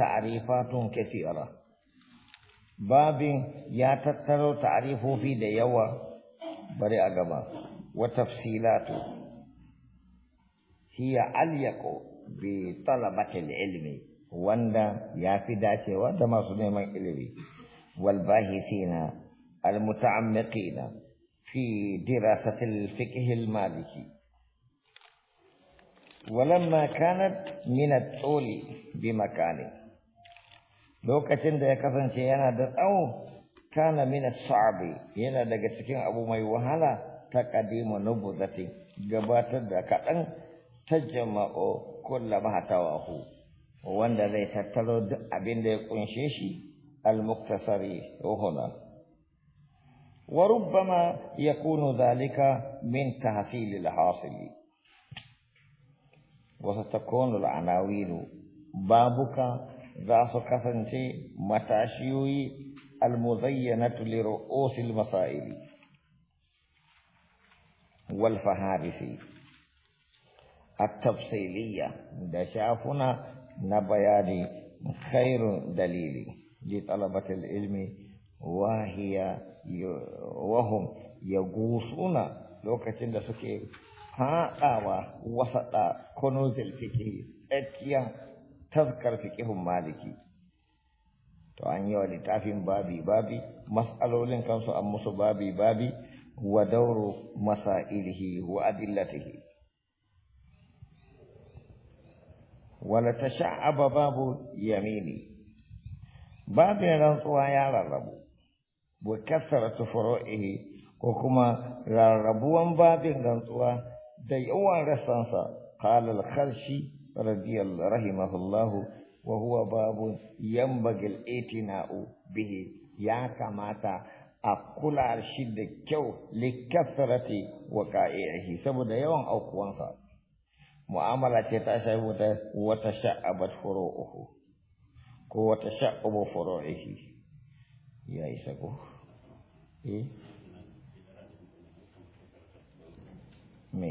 تعريفات كثيرة باب يتتر تعريفه في ديوة بري أقبا وتفصيلات هي عليك بطلبة العلم واندا يافدا ما صنع من إلوي والباحثين المتعمقين في دراسة الفقه المالكي ولما كانت من الطول بمكانه lokacin da ya kasance yana da tsawo kana mina as yana daga cikin abu mai wahala ta nubu nubuzati gabatar da kadan ta jama'o kulla tawahu wanda zai tattaro duk abin da ya kunshe shi al-muktasari huna wa rubbama yakunu zalika min tahsil al-hasil wa satakunu al babuka za su kasance matashiyoyi almuzayyanatu li ru'usil masaili wal fahabisi at-tafsiliyya da shafuna na bayani khairun dalili li talabatil ilmi wahiya wahum ya gusuna lokacin da suke haɗawa wasaɗa kono zilfiki tsakiyar taskar fiqhun maliki to an yi wa littafin babi babi mas'alolin kansu an musu babi babi wa dauru masailihi wa adillatihi wala tasha'aba babu yamini babin rantsuwa ya rarrabu wa kasaratu furu'ihi ko kuma rarrabuwan babin rantsuwa da yawan rassansa qala al-kharshi radiyallahu rahimahullahu wa huwa babu yambagil itina'u bihi ya kamata a kula shi da kyau likasarati wa ka'i'ihi saboda yawan aukuwansa mu'amala ce ta shafi wata wata sha'abat furu'uhu ko wata sha'abu furu'ihi ya yi sago eh me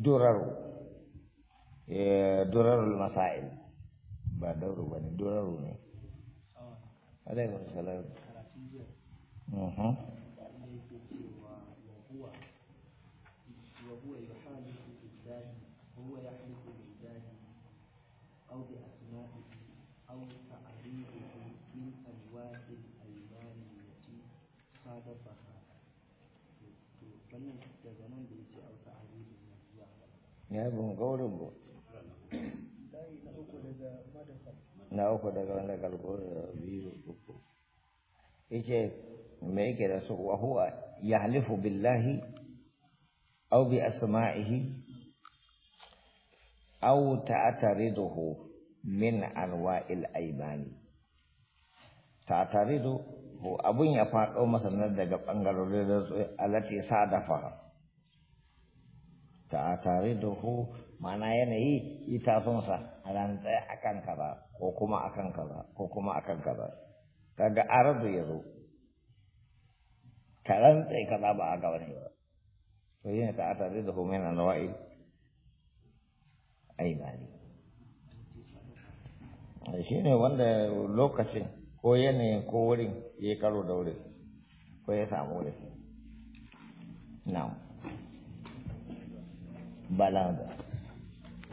durar eh, durar masail ba dauro ba ne duraru ne alaihi wasallam uhu wannan daga nan da ya ce auta a ya bin gaurin bu na uku daga wanda da biyu uku ike me yake da su a huwa halifu billahi au bi asma'ihi au ta'tariduhu min anwa'il aymani ta'taridu abun ya faɗo masa daga bangarorin da alati sadafa ta tare da ku mana yanayi ita sun sa ran tsaye akan kaza ko kuma akan kaza ko kuma akan kaza kaga arabu ya zo ta ran tsaye kaza ba a gaba ne ba to ne ta tare da ku mai na nawa'i aimani shi ne wanda lokacin ko yanayin ko wurin ya karo da wurin ko ya samu wurin na'am balada.